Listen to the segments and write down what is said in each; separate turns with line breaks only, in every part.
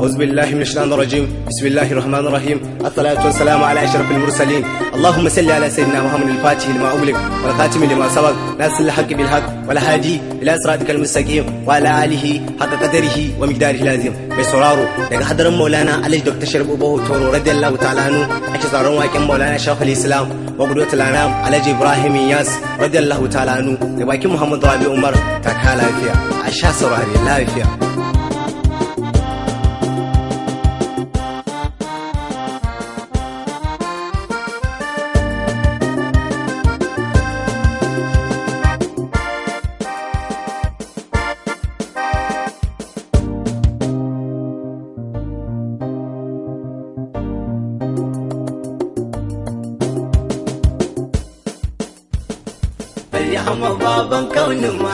أعوذ بالله من الشيطان الرجيم بسم الله الرحمن الرحيم الصلاة والسلام على أشرف المرسلين اللهم صل على سيدنا محمد الفاتح لما أغلق والخاتم لما سبق ناصر الحق بالحق والهادي إلى صراطك المستقيم وعلى آله حق قدره ومقداره العظيم mai sauraro daga hadarin Maulana Alhaji Dr. Sharif Ubahu ake tsaron waken Maulana Shaykhul Islam Magudo Talana Alhaji Ibrahim Yas da bakin Muhammad Rabi Umar ta lafiya a sha lafiya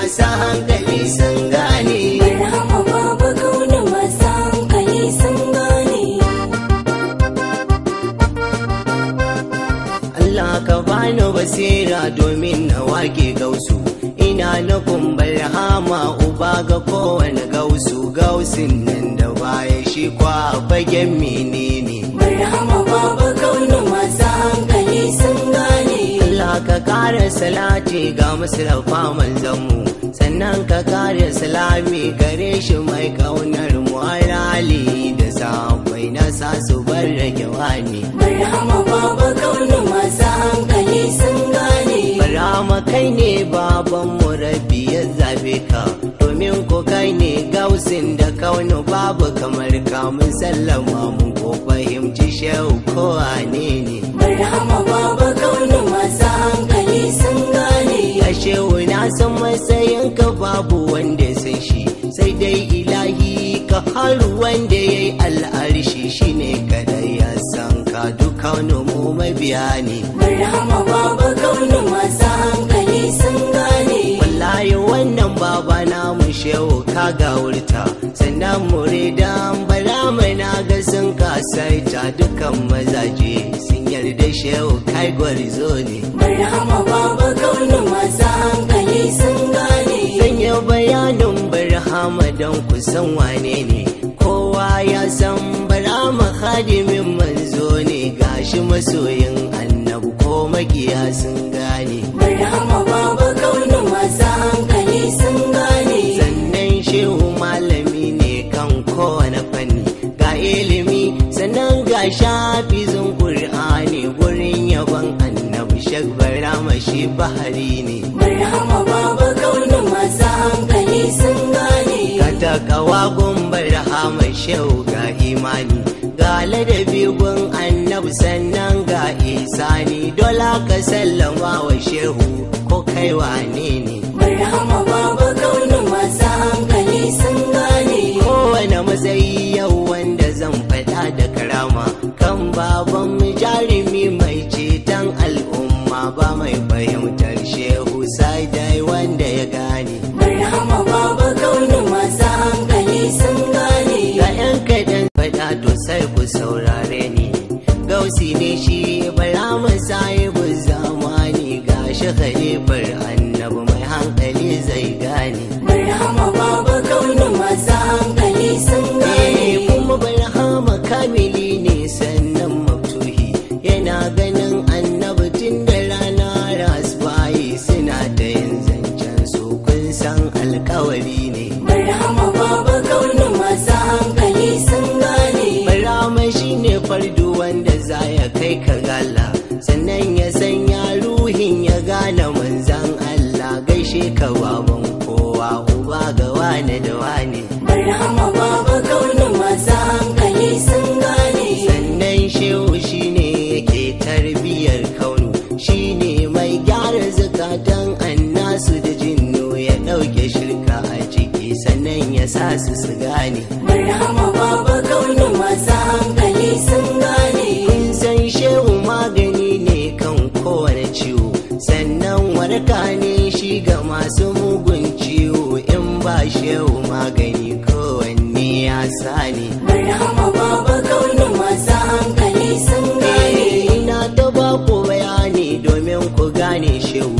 masu hankali sun gane hankali sun gane Allah ka bani basira domin na wake gausu ina na kumbar hama uba ga kowane gausu gausin nan da baya shi kwa fagen menene kare salati ga musulfa manzanmu sannan ka kare salami gare shi mai kaunar mu da sakwai na sa su bar rage wani barama baba kaunar masu hankali sun gane barama kai ne baban mu ya zabe ka domin ko kai ne gausin da kaunar babu kamar kamun sallam babu wanda sai shi sai dai ilahi ka haru wanda ya yi al'arishi shi ne kadai ya san ka duka mu mabiya ne. Marhama babu kaunu masu hankali sun gane. Wallahi wannan baba na mu shewo ka ga wurta sannan mu muridan bala mai na ga sun ka kasaita dukan mazaje sun yarda shewo kai gwarizo ne. Marhama babu kaunu masu don ku san wane ne kowa ya san bara khadimin manzo ne gashi masoyin annabu ko magiya sun gane barhama baba kaunin masu hankali sun gane sannan shehu malami ne kan kowane fanni ga ilimi sannan ga shafizin qur'ani gurin yabon annabi shak barama shi bahari ne barhama baba Hawa gumbar mai shehu ga imani ga ladabi gun annabu sannan ga isani dola ka sallama wa shehu ko kai wane ne. Barhama babu kaunin masu hankali sun gane. Kowane matsayi yau wanda zan faɗa da karama kan baban ku saurare ni gausi ne shi bala masahibu zamani ga shi khalifar annabu mai hankali zai gane marhama babu kaunin masa sannan ya sa su su gane marhama baba kaunin masu hankali sun gane kun san shehu magani ne kan kowane ciwo sannan warka ne shi ga masu mugun ciwo in ba shehu magani kowanne ya sani marhama baba kaunin masu hankali sun gane eh, ina ta ba ku bayani domin ku gane shehu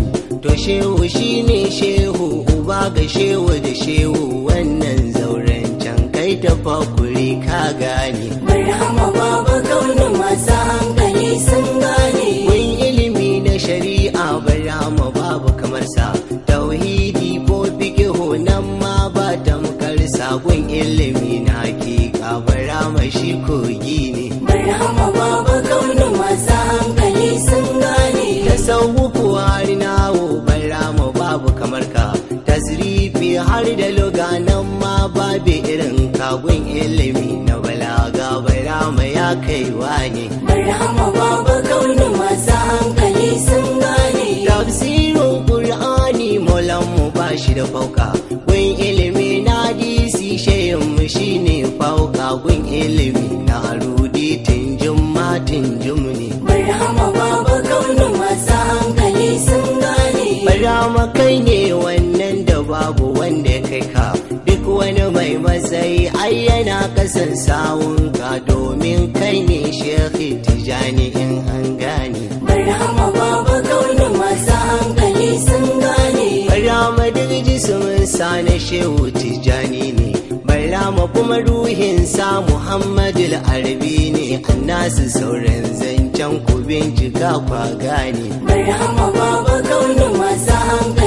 to shehu shi ne shehu duba ga shewa da shewu wannan zauren can kai ta fakuri ka gane marhama baba kaunin masu hankali sun gane wani ilimi na shari'a barama babu kamar sa tauhidi ko fikihu nan ma ba tamkar sabon ilimi na ka barama shi kogi ne marhama baba kaunin masu hankali sun gane har da luganan ma babu irin kagun ilimi na balaga barama ya kai wani. Barama babu kaunin masu hankali sun gane. Tafsirin Kur'ani mu ba shi da fauka, gun ilimi na disi shayin mu shine fauka gun ilimi na arudi tun jumma tun ka duk wani mai matsayi ai yana kasan sawun ka domin kai ne shekhi tijani in an gane barhama babu kaunin masu hankali sun gane barhama duk jisimin sa na shehu tijani ne barhama kuma ruhin sa muhammadul ne. ne annasu sauran zancen ku bincika kwa gane barhama babu kaunin masu hankali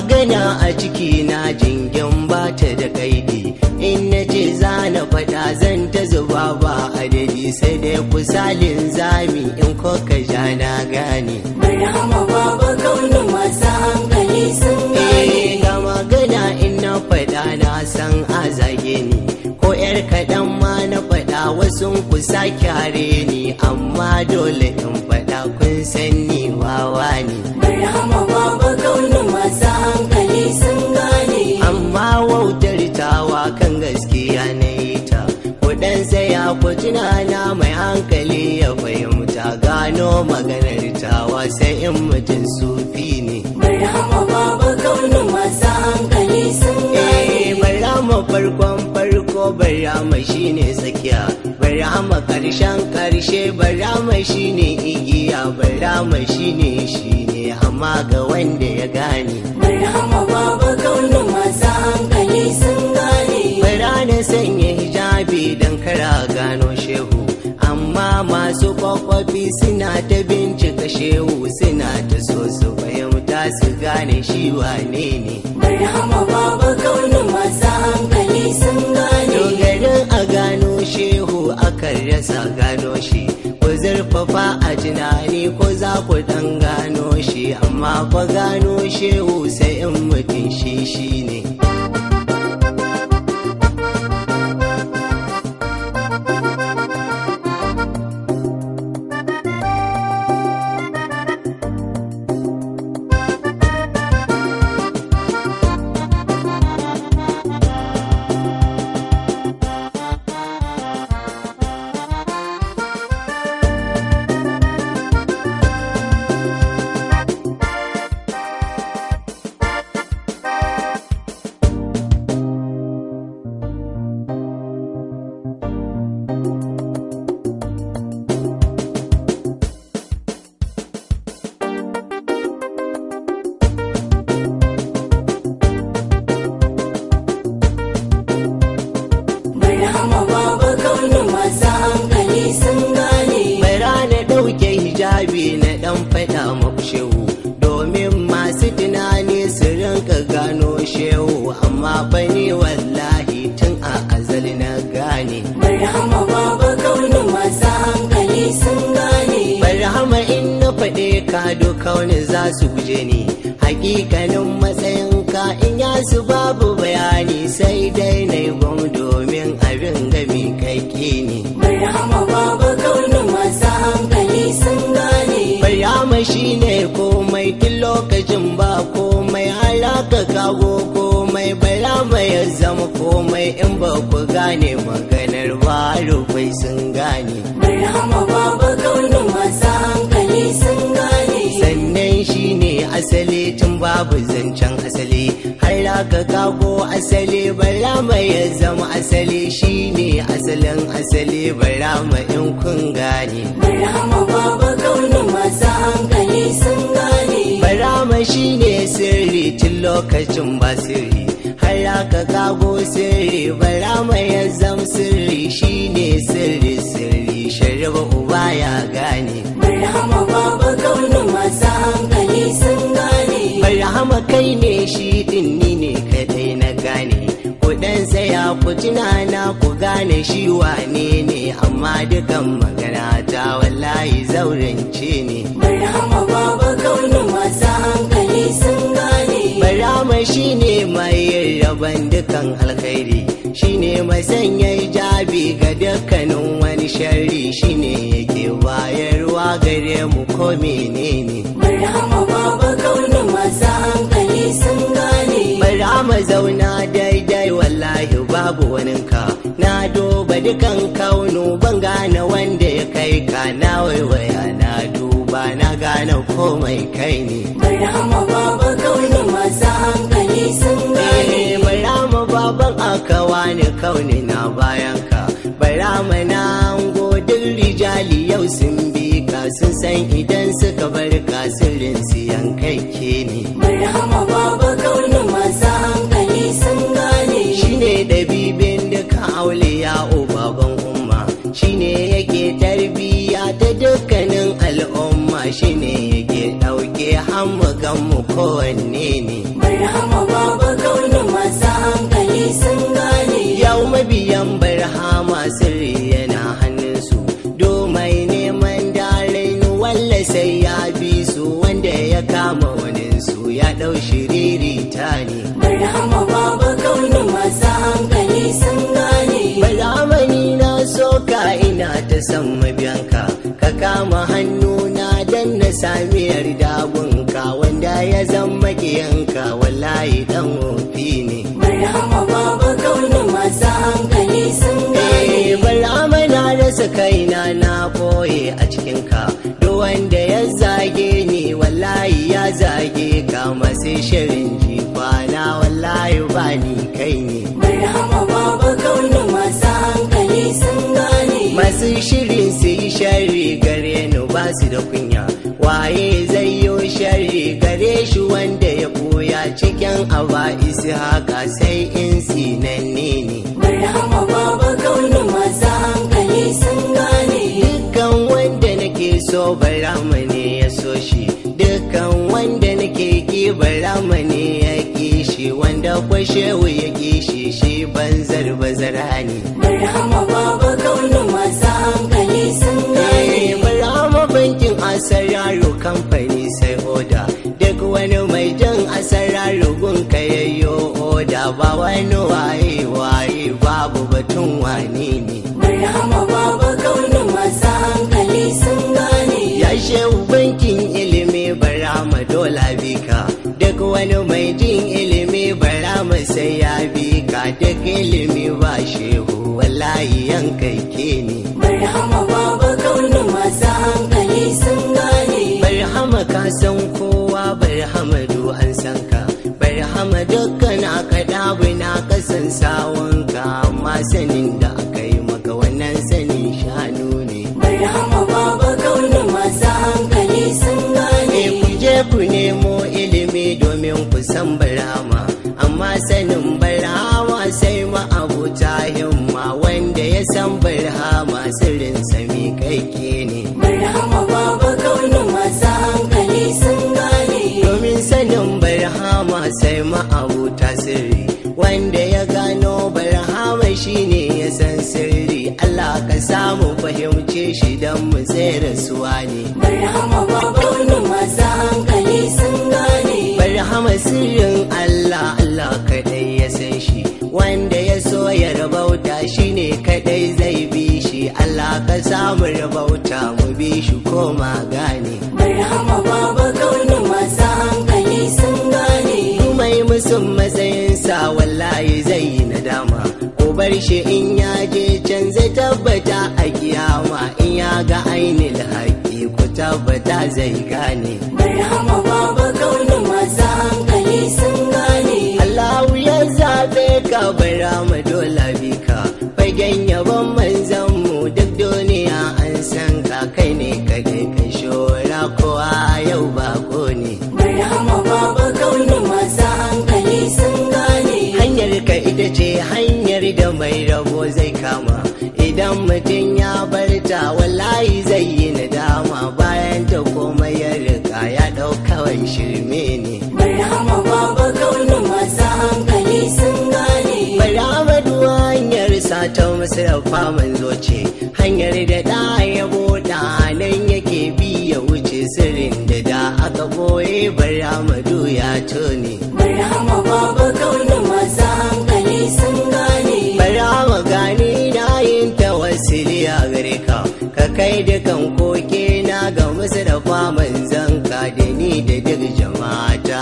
magana a ciki na jingin bata da kaidi in na ce za na fata zan ta zuba ba adadi sai dai kusalin zami in ko ka ja na gane baba kaunin masu hankali sun gane eh, ga magana in na faɗa na san zage ni ko yar kaɗan ma na faɗa wasu kusa kyare ni amma dole in fitina na mai hankali ya fahimta gano maganar tawa sai in mutum sufi ne barhama babu kaunin masu hankali sun gane barhama eh, farkon farko barhama shine tsakiya barhama karshen karshe barhama shine igiya barhama shine ne hama ga wanda ya gane barhama babu kaunin masu hankali sun gane barhama sanye bi don kara gano shehu amma masu kwakwafi suna ta bincika shehu suna ta so su fahimta su gane shi wane ne barhama babu kaunin masu hankali sun gane dogarin a gano shehu akan rasa gano shi ku zurfafa a tunani ko za ku dan gano shi amma ku gano shehu sai in mutum shi shi ne baba ne wallahi tun a azali na gane barhama baba kaunin masu hankali sun gane barhama in na faɗe ka doka za su guje ni hakikalin matsayin ka in ya su babu bayani sai dai na yi domin abin da mi ke ne barhama baba kaunin masu hankali sun gane barhama shine komai tun lokacin ba komai alaka kawo in ba ku gane maganar ba rufai sun gane. Marhama babu kaunin masu hankali sun gane. Sannan shi ne asali tun babu zancen asali har aka kago asali barama ya zama asali shi ne asalin asali barama in kun gane. Marhama babu kaunin masu hankali sun gane. Barama shi ne sirri tun lokacin ba sirri. bara ka kago sirri bara mai ya zam sirri shine sirri sirri sharaba uba ya gane barhama babu kaunin masu hankali sun gane barhama kai ne shi dinni ne kadai na gane kudan saya ku tunana ku gane shi wane ne amma dukan magana ta wallahi ce ne barhama babu kaunin masu hankali shine mai rabon dukan alkhairi shine mai sanya jabi ga dukkanin wani sharri shine yake bayarwa gare mu ko menene Barhama babu hankali sun gane zauna daidai wallahi babu waninka na duba dukan kaunu ban gane wanda ya kai ka na waiwaya na gane komai kai ne. Barhama baban kauni masu hankali sun gane. Barhama eh, baban aka wani kauni na bayan ka. Barhama na godin rijali yau sun bi ka sun san idan suka bar ka sirrin siyan kai ke ne. shi ne ya ɗauke hamugan mu kowanne ne. Barhama babu kaunin masu hankali sun gane. Yau mabiyan barhama sirri yana hannunsu domai neman darin walla sai ya bi su wanda ya kama waninsu ya ɗau shiriri ta ne. Barhama babu kaunin masu hankali sun gane. Barhama ni na soka ina ta san mabiyanka ka kama hannu sami yarda wanda ya zama kiyanka wallahi dan ofi ne marhama babu kaunin masu hankali sun gane bal'ama na rasa kaina na koye a cikinka duk wanda ya zage ni wallahi ya zage ka masu shirin na wallahi ba ni kai ne marhama babu kaunin masu hankali sun gane masu shirin su yi shari gare ni ba su da kunya bayan aba isi haka sai in sinanne ne. Marhama babu kaunin sun gane. Dukkan wanda nake so barama ne ya so dukkan wanda nake ki barama ne ya ki shi, wanda kwashewu ya ki shi shi banzar bazara ne. Marhama babu kaunin masu sai ma'abuta sirri wanda ya gano barhama shine ya san sirri Allah ka samu fahimce shi don mu tsere suwa ne barhama babu masu hankali sun gane barhama sirrin Allah Allah kadai ya san shi wanda ya so ya rabauta shine kadai zai bi shi Allah ka samu rabauta mu bi shi koma gane barhama babu sun matsayinsa wallahi zai yi nadama ko bar shi in ya je can zai tabbata a kiyama in ya ga ainihin haƙi ku tabbata zai gane idan mutum ya barta wallahi zai yi nadama bayan ta komai ya rika ya ɗau kawai shirme ne barhama babu kaunin masu hankali sun gane barhama hanyar sata masarrafa manzo ce hanyar da ɗa ya buɗa nan yake bi ya wuce sirrin da da aka boye barhama ya toni. barhama babu kaunin kai dukan koke na ga musu da kwamin zanka da ni da duk jama'a ta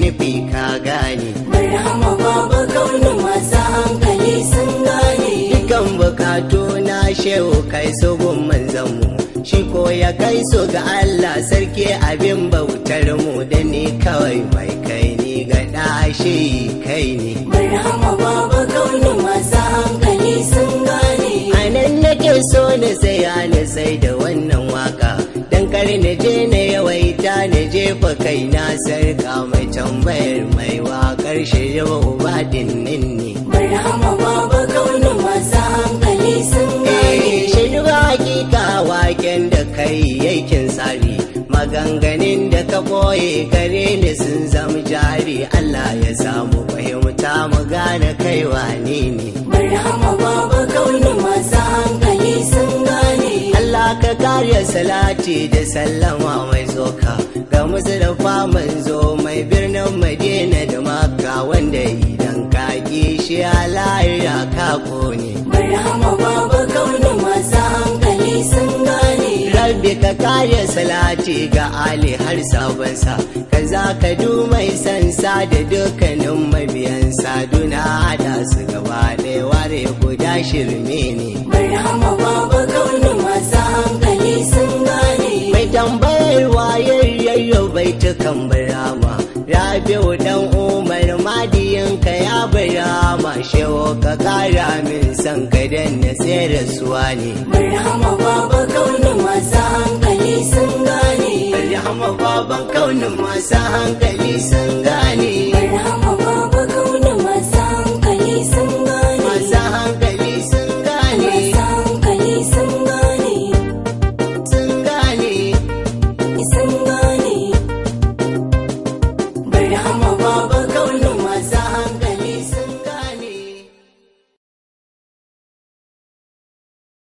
nufi ka gane. Barhama babu kaunin masu hankali sun gane. Dukan bukatu na shehu kai su gun manzanmu. Shi ko ya kai su ga Allah sarki abin bautar mu da ni kawai mai kai ni ga ɗashi kai ne. Barhama babu kai so na saya na sai da wannan waka dan kare na je na yawaita na jefa kai na sarka mai tambayar mai wakar shi uba din nin ne barhama baba kauna masu hankali sun gane eh, shi ba hakika waken da kai yakin sari maganganin da ka boye kare ni sun zama jari Allah ya samu fahimta mu gane kaiwa ne ne barhama baba kauna masu hankali ka kare salati da sallama mai zoka ga muzurfa manzo mai birnin madina da maka wanda idan ka shi halayya ka kone barhama babu kaunin masu hankali sun gane rabbi ka kare salati ga ali har sabonsa ka za ka dumai sansa da dukkanin mabiyansa duna hada su gaba ɗaya ware guda shirme ne barhama babu kaunin masu sun gane mai tambayar wayayyayo bai tukan birama rabiu dan umar madiyanka ya birama shewa kara min san ne birama baba kaunin masu hankali sun gane birama baban kaunin masu hankali sun gane